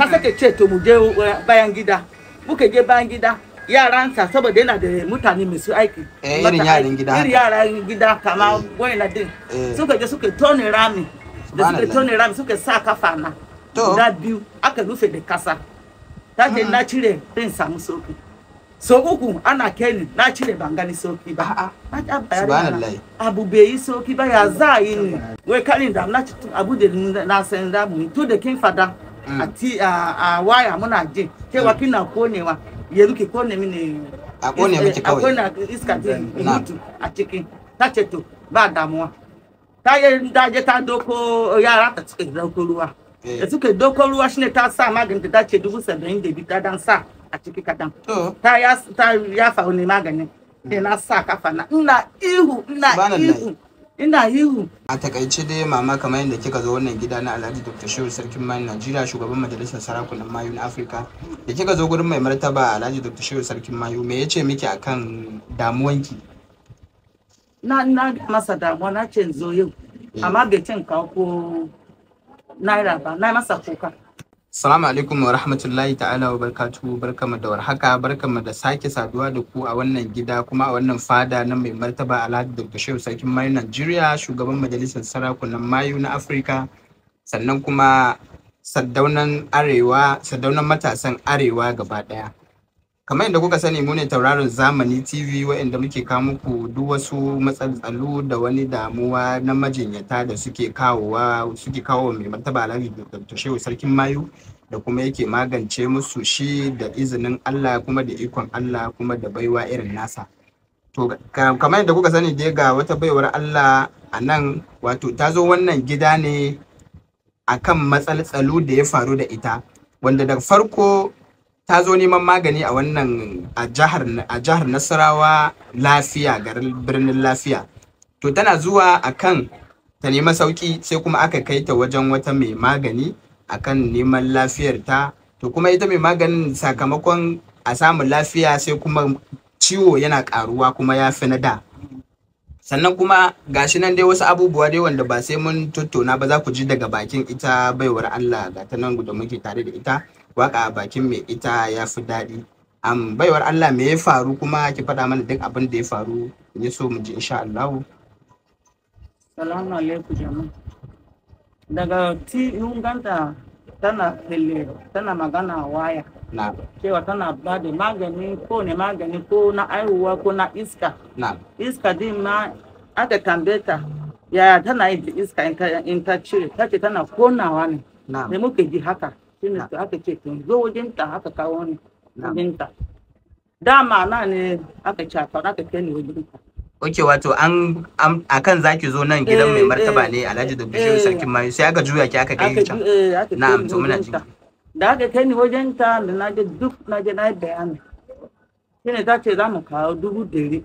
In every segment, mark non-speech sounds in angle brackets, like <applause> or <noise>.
Kasake sake ce to mu je uh, bayan gida muke je bayan gida yaransa saboda yana da mutane masu aiki eh, irin yaran gida irin yaran gida kama eh. boyna din eh. suka je suke tone rami da tone rami suke sa kafa na guda biyu aka rufe da kasa ta ce ah. na cire zan samu soki. so uku ana keni na cire ban gani soki ba ah, ah. abu bai yi soki ba ya za a yi ne wai karin da na abu da na san da mu to da kin fada Mm. ati a waya muna je cewa mm. kina konewa yanzu ki kone mini a kone miki eh, kawai a kone iska ta mm. mutu a ciki ta ce to ba damuwa ta yi daje ta doko eh, yara ta suka doko ruwa da eh. e suka doko ruwa shine ta sa maganin ta ce dubu saba'in da biyu ta dan sa a ciki kadan ta ya ta ya fa ne magani. sai na sa fa na ina ihu ina ihu ina hihu a takaice dai mama kamar yadda kika zo wannan gida na alhaji dr shehu sarkin Mai najeriya shugaban majalisar sarakunan mayu na afirka da kika zo gurin mai martaba alhaji dr shehu sarkin mayu me ya ce miki akan damuwanki na na masa damuwa na ce zo yau eh. amma bai cin kawo ko naira ba na masa kuka Assalamu alaikum wa rahmatullahi ta'ala wa barkatu barkamu da warhaka barkamu da sake saduwa da ku a wannan gida kuma a wannan fada na mai martaba Alhaji Dr. Shehu Sarkin Mayu Najeriya shugaban majalisar sarakunan Mayu na Afirka sannan kuma sadaunan arewa sardaunan matasan arewa gaba daya. kamar yadda kuka sani mune ne tauraron zamani tv waɗanda muke kawo muku duk wasu matsaltsalu da wani damuwa na majinyata da suke kawowa suke kawo mai martaba alhaji dr shehu sarkin mayu da kuma yake magance musu shi da izinin allah kuma da ikon allah kuma da baiwa irin nasa to kamar yadda kuka sani dai ga wata baiwar allah a nan wato ta zo wannan gida ne akan matsaltsalu da ya faru da ita wanda daga farko ta zo neman magani a wannan a jihar Nasarawa lafiya garin birnin lafiya to tana zuwa akan ta nema sauki sai kuma aka kai ta wajen wata mai magani kan neman lafiyar ta to kuma ita mai maganin sakamakon a samun lafiya sai kuma ciwo yana karuwa kuma ya fi na da sannan kuma gashi nan dai wasu abubuwa dai wanda ba sai mun tattauna ba za ku ji daga bakin ita baiwar Allah ga ta nan da muke tare da ita waka a bakin mai ita ya fi daɗi am baiwar Allah me ya faru kuma ki fada mana duk abin da ya faru ya so mu ji insha Allah salamu alaikum jama'a daga ti mun ganta tana tele tana magana waya na cewa tana ba da magani ko ne magani ko na aiwuwa ko na iska na iska din ma aka tambeta. ta yaya tana yin iska in ta cire ta ce tana konawa ne da muka ji haka shine su aka ce tun zo wajen ta haka kawo ni wajen ta dama na ne aka ce a aka kai ni wajen ta ok wato an a kan zaki zo nan gidan mai eh, martaba eh, ne alhaji da bishiyar eh. sarkin mayu sai aka juya ki aka kai ki can na'am to muna jin da aka kai ni wajen ta da naje duk naje na bayani shine ta ce za mu kawo dubu ɗari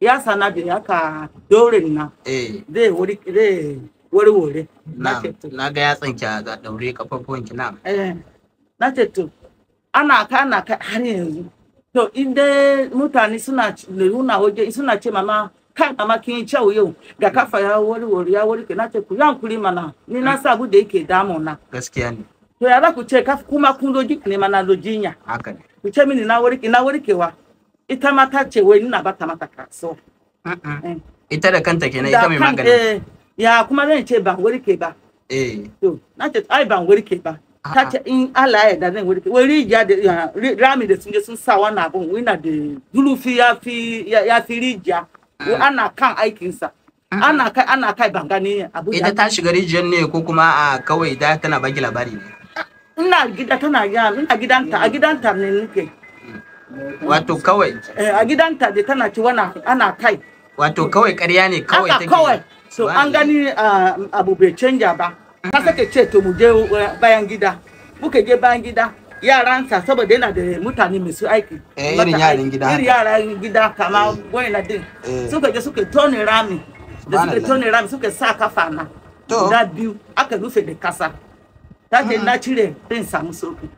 ya sana da ya ka dorin na eh. zai wuri zai wuri na ga ya tsanki a daure kafafuwan ki eh, na na ce to ana ka ana ka har yanzu to in dai mutane suna nuna waje suna ce mama kan mama kin kyau yau ga kafa ya wuri ya warke na ce ku yan kuri mana ni na sa da yake damuna gaskiya ne to ya za ku ce kuma kun zo ne mana zo jinya haka ne ku ce mini na warke na kewa ita ma ta ce wai ina ba ta mata kasuwa. Eh. Ita da kanta kenan ita mai magana. Eh, ya kuma zan ce ban warke ba. Eh. To, na ce ai ban warke ba. Ta ce in Allah ya da zan warke. Wai rijiya da rami da sun je sun sa wannan abun wina da zulufi ya fi ya fi rijiya. Mm. Ana kan aikinsa. Ana kai ana kai ban gani abu. Ita ta shiga rijiyar ne ko kuma a kawai da tana baki labari ne. Ina gida tana yaro, ina gidanta, a gidanta ne nake. Wato kawai. Eh, a gidanta da tana ci wana ana kai. Wato kawai ƙarya ne kawai take. kawai. So an gani ah, abu bai canja ba. Ka sake ce to mu je eh, bayan gida. Muka je bayan gida. Yaransa saboda yana da mutane masu aiki. Eh, irin yaran gida. Irin yaran gida kama na din. Suka je suka tone rami. Da suka tone rami suka sa kafa na. Guda biyu aka rufe da kasa. Ta ah. na cire zan samu sauki.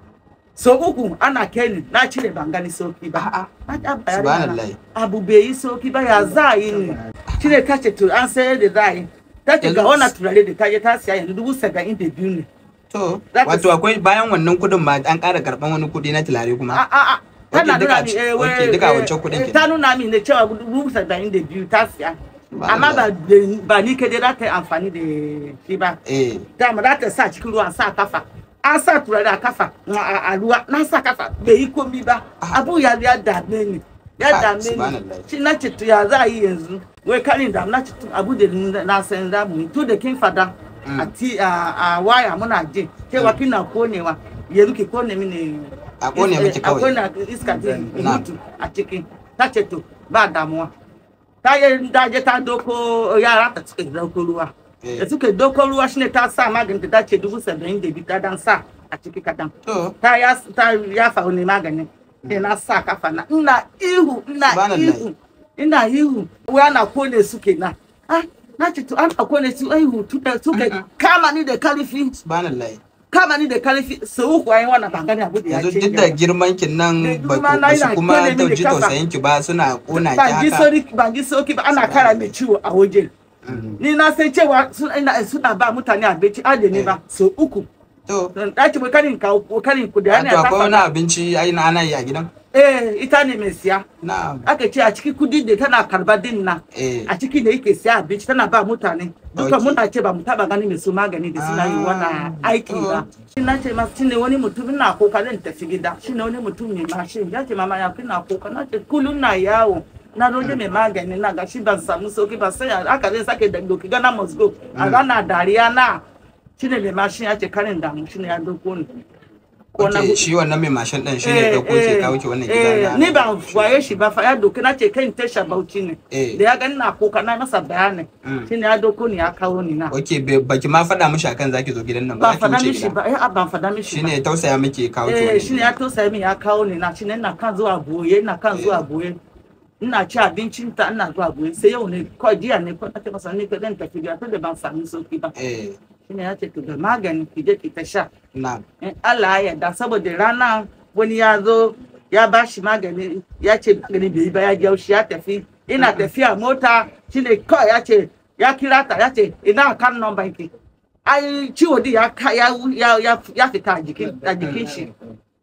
so uku ana keni na cire ban gani sauki ba a'a abu bai yi sauki ba ya za yi ne cire ta ce an sayar da za yi ta ce ga wannan turare da ta je ta siya yanzu dubu saba'in da biyu ne to wato akwai bayan wannan kudin ma an kara karban wani kudi na turare kuma ah, ah, ah. a a ta na nuna ni eh wai duka eh, wancan kudin eh, kenan ta nuna min ne cewa dubu saba'in da biyu ta siya amma ba ba ni ke dai za ta yi amfani da shi ba eh. dama za ta sa cikin ruwa sa kafa asa turara kafa na aruwa nasa kafa be yi komi ba ah. abu ya ya dame ni ya ah, dame ni shi na citu ya za yi yanzu wai karin da na abu na san da mu to da kin fada mm. a ti a waya muna mm. eh, mm. je kina a kone a kone iska ta mutu a ta ba ta ta ta ruwa da eh. suke dokon ruwa shine ta sa maganin da dace dubu saba'in da biyu ta dan sa a ciki kadan ta ya ta ya faru ne maganin sai na sa kafa na ina ihu ina ihu ina ihu waya na kone su kenan ah na ce to ana kone su ai hutu da suka kama ni da kalifi subhanallahi kama ni da kalifi sau uku ayi wannan ba abu da ya ce yanzu duk da girman kin nan ba su kuma dauji tausayin ki ba suna kona ki haka ban ji sauki ba ana kara mai ciwo a wajen Mm. ni na san cewa sun ina suna ba mutane abinci adani ba eh. so uku to mai karin ka karin ku da yana ta ba na abinci ai na nan ya gidan eh ita ne mai siya na'am aka ce a cikin kudi da tana karba din na eh. a ciki da yake siya abinci tana ba mutane duka muna ce ba mu taba gani mai su magani da suna yi wani ah. aiki ba oh. shi na ce ma masu ne wani mutum na kokarin tafi gida ne wani mutum ne mashin ya ce mama ya fi na kokarin na ce kullum na yawo na roje mai magani na ga shi ban samu sauki ba sai aka zai sake da doki gana mosgo a gana dariya na shine ya ce karin damu shine ya doko ni Okay, shi wannan mai mashin din shi ne eh, dauko ke eh, kawo ki wannan gida eh, na ni ba waye shi ba ya doki na ce kai in tasha bauchi ne da na na masa bayani mm. ya doko ni ya kawo ni na okay baki nan wuce min ya kawo ni na shine ina kan zuwa boye ina ina ci abincin ta ina zuwa gobe sai yau ne ko jiya ne ko ta masa ne kadan tafi ga da ban samu sauki ba eh. shine ya ce to da magani ki je ki ta sha na'am in Allah ya da saboda rana wani ya zo ya ba shi magani ya ce magani bai ba ya shi ya tafi ina tafiya mota shine kawai ya ce ya kira ta ya ce ina kan number ki ai ciwo din ya ya fita a jikin shi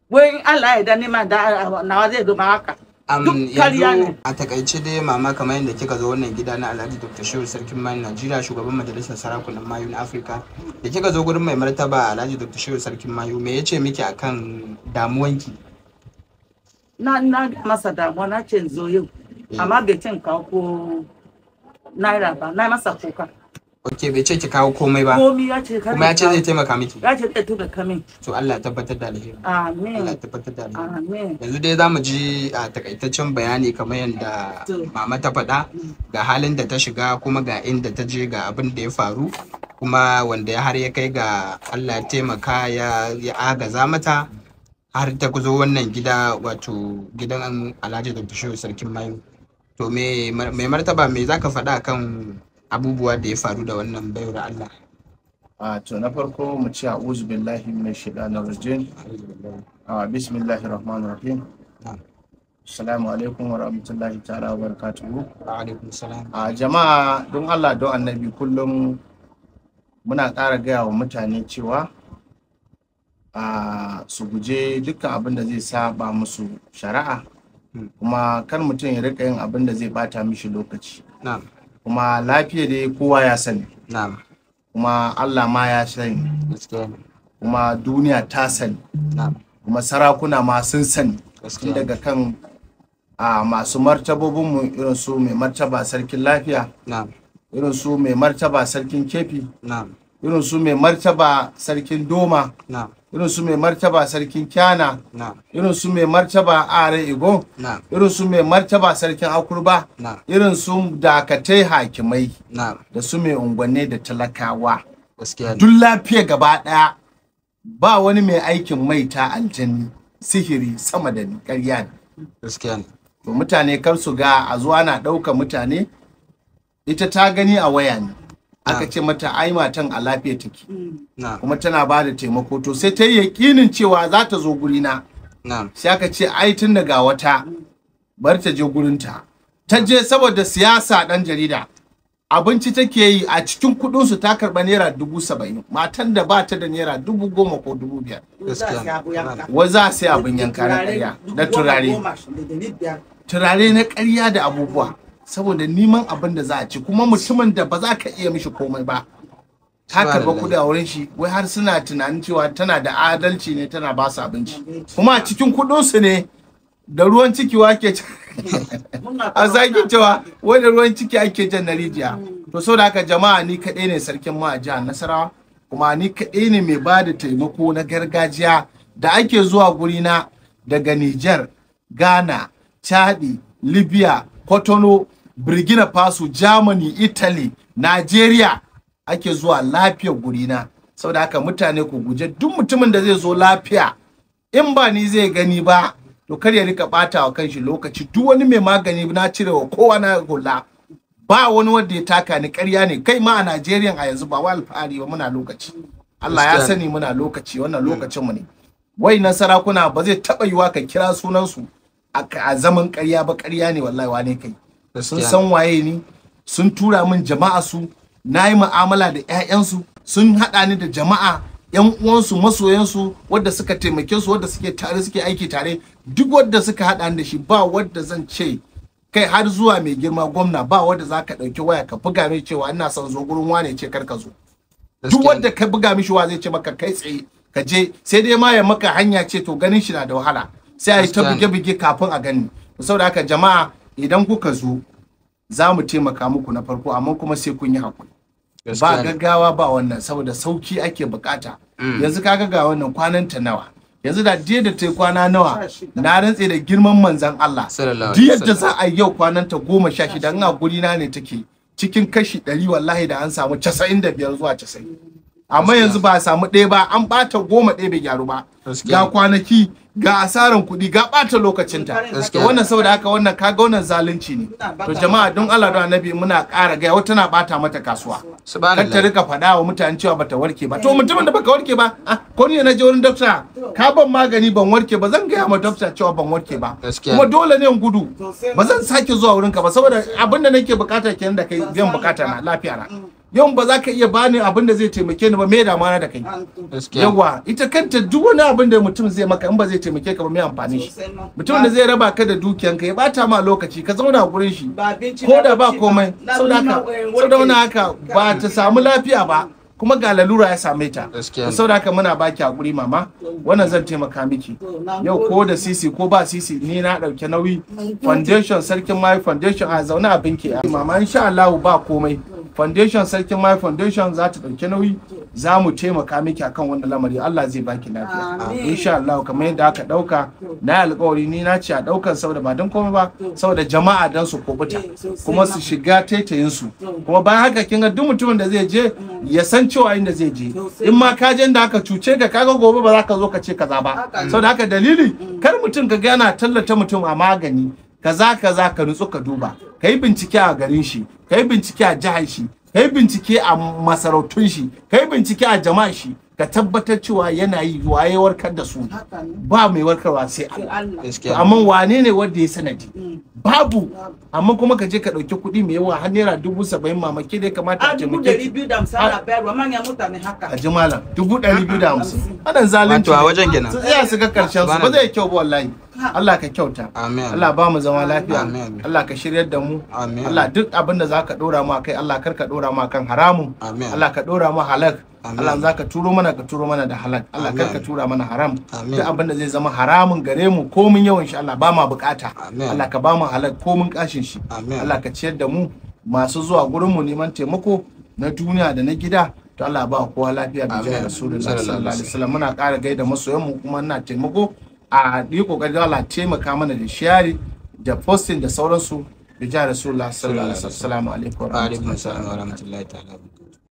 wai Allah ya da ma da wa zai zo ma haka yanzu a takaice dai mama kamar yadda kika zo wannan gida na alhaji dr shehu sarkin mayu najeriya shugaban majalisar sarakunan mayu na afirka da kika zo gurin mai martaba alhaji dr shehu sarkin mayu me ya ce miki akan damuwanki na na masa damuwa na ce zo yau eh. amma bai cin kawo ko naira ba na masa kuka Ok bai ce ki kawo komai ba. Komai ya ce Kuma ya ce zai taimaka miki. Ya ce zai taimaka min. To Allah tabbatar da alheri. Amin. Allah tabbatar da alheri. Amin. Yanzu dai zamu ji a takaitaccen bayani kamar yadda mama ta faɗa mm. ga halin da ta shiga kuma ga inda ta je ga abin da ya faru kuma wanda har ya kai ga Allah taimaka ya ya agaza mata har ta zo wannan gida wato gidan Alhaji Dr. Shehu Sarkin Mayu. To me martaba me zaka faɗa kan abubuwa da ya faru da wannan baiwar Allah a to na farko mu ce a'udhu billahi minash na rajim a bismillahi rahman rahim salamu alaikum wa rahmatullahi ta'ala wa barakatuhu. A jama'a don Allah don annabi kullum muna ƙara gaya wa mutane cewa a su guje dukkan abin da zai saba musu shari'a hmm. kuma kar mutum ya rika yin abin da zai bata mishi lokaci kuma lafiya dai kowa ya sani kuma Allah ma ya sani kuma duniya ta sani kuma sarakuna ma sun sani tun daga kan a masu martabobinmu irin su mai martaba sarkin lafiya irin su mai martaba sarkin kefi irin su mai martaba sarkin doma irin su mai martaba sarkin kyana irin su mai martaba are igbo irin su mai martaba sarkin akurba irin su dakatai hakimai da su mai unguwanni da talakawa duk lafiya gaba daya ba wani mai aikin mai ta aljanni sihiri sama da karya ne mutane kar su ga a zuwa na ɗauka mutane ita ta gani a waya ne aka ce mata ai matan a lafiya take mm. kuma tana ba da taimako to sai ta yi yakinin cewa za ta zo gurina sai aka ce ai tun daga wata bar ta je gurinta ta je saboda siyasa dan jarida abinci take yi a cikin su ta karba naira dubu saba'in matan da ba ta da naira dubu goma ko dubu biyar wa za su sai abin yanka na ƙarya, da turare turare na ƙarya da abubuwa saboda neman abin da za a ci kuma mutumin da ba za ka iya mishi komai ba ta karba kudi a wurin shi wai har suna tunanin cewa tana da adalci ne tana ba su abinci kuma a cikin kudin su ne da ruwan ciki wake <laughs> a zaki cewa wai da ruwan ciki ake jan na rijiya to saboda haka jama'a ni kaɗai ne sarkin ma jihar nasarawa kuma ni kaɗai ne mai ba da taimako na gargajiya da ake zuwa gurina daga Nijar, Ghana, Chadi, Libya, Kotono, Burkina Faso, Germany, Italy, Nigeria ake zuwa lafiya gurina. Saboda haka mutane ku guje duk mutumin da zai zo lafiya in ba ni zai gani ba to kar ya rika bata wa kanshi lokaci duk wani mai magani na cirewa kowa na hula ba wani wanda ya taka ni karya ne kai ma a nigeria a yanzu ba wa alfahari ba muna lokaci Allah ya sani muna lokaci wannan lokacin mu ne wai na sarakuna ba zai taba yiwa ka kira sunan su a zaman ƙarya ba karya ne wallahi wane kai sun san waye ni sun tura min jama'a su na yi ma'amala da 'ya'yansu sun haɗa ni da jama'a 'yan uwansu masoyansu wadda suka taimake su wadda suke tare suke aiki tare duk wadda suka haɗa ni da shi ba wadda zan ce kai har zuwa mai girma gwamna ba wadda zaka ka ɗauki waya ka buga mai cewa ina son zo gurin wane ce kar ka zo duk wadda ka buga mishi wa zai ce maka kai tsaye ka je sai dai ma ya maka hanya ce to ganin shi na da wahala sai a yi ta buge-buge kafin a gani saboda haka jama'a idan kuka zo za mu taimaka muku na farko amma kuma sai kun yi hakuri ba gaggawa ba wannan saboda sauki ake bukata mm. yanzu kaga ga wannan kwanan ta nawa yanzu da diya da ta yi kwana nawa na rantse da girman manzan Allah diyar da za a yau kwanan ta goma sha shida ina a guri na ne take cikin kashi ɗari wallahi da an samu casa'in da biyar zuwa casa'in amma yanzu ba a samu ɗaya ba an ɓata goma ɗaya bai gyaru ba ga kwanaki ga asaran kuɗi ga ɓata lokacinta wannan saboda haka wannan kaga wannan zalunci ne to jama'a don Allah don annabi muna ƙara gaya wata na ɓata mata kasuwa kar ta rika faɗa wa mutane cewa bata warke ba to mutumin da baka warke ba ko ne na je wurin dokta ka ban magani ban warke ba zan gaya ma dokta cewa ban warke ba kuma dole ne in gudu ba zan sake zuwa wurinka ba saboda abin da nake bukata kenan da kai biyan bukata na lafiya na yau ba za ka iya bani abin da zai taimake ni ba me damana da kai yawa ita kanta duk wani abin da mutum zai maka in ba zai taimake ka ba me amfani shi mutum da zai raba ka da dukiyanka ya bata ma lokaci ka zauna gurin shi ko da ba komai saboda haka ba ta samu lafiya ba kuma ga lalura ya same ta saboda haka muna baki guri mama wannan zan taimaka miki yau ko da sisi ko ba sisi ni na dauke nauyi foundation sarkin mai foundation a zaune a binki mama insha Allah ba komai foundation sarkin mai foundation za ta ɗauki nauyi za mu taimaka miki akan wannan lamari Allah zai baki lafiya insha Allah kamar yadda aka ɗauka na alƙawari ni na ce a ɗaukan saboda ba don komai ba saboda jama'a dan su kubuta eh, kuma su shiga taitayin su kuma bayan haka kin ga duk mutumin da zai je mm. ya san cewa inda zai je in ma ka je da aka cuce ka kaga gobe ba za ka zo ka ce kaza ba saboda haka dalili mm. kar mutum ka ga yana tallata mutum a magani kaza kaza ka nutsu ka duba ka bincike a garin shi ka bincike a jihar shi ka bincike a masarautun shi ka bincike a jama'a shi ka tabbatar cewa yana yi waye warkar da su ba mai warkarwa sai Allah amma wane ne wanda ya sanadi mm. babu amma kuma ka je ka dauki kuɗi mai yawa har naira dubu saba'in mamaki dai kamata a jami'a ah, dubu biyu da hamsin ah. ana bayarwa manyan mutane haka a jimala dubu ɗari biyu da hamsin anan zalunci a wajen gina sai su ga karshen su ba zai kyau ba wallahi Allah ka kyauta Allah ba mu zama lafiya Allah ka shiryar da mu Allah duk abin da zaka dora mu kai Allah kar ka dora mu kan haramun Allah ka dora mu halak Allah za ka turo mana ka turo mana da halal Allah kar ka tura mana haram duk abin da zai zama haramun gare mu ko mun yawan shi Allah ba ma bukata Allah ka ba mu halal ko mun kashin shi Allah ka ciyar da mu masu zuwa gurin mu neman taimako na duniya da na gida to Allah ba kowa lafiya da jira rasulullahi sallallahu alaihi wasallam muna ƙara gaida masoyan mu kuma ina taimako a yi kokari Allah taimaka mana da shiyari da posting da sauransu da jira rasulullahi sallallahu alaihi wasallam alaikum wa rahmatullahi ta'ala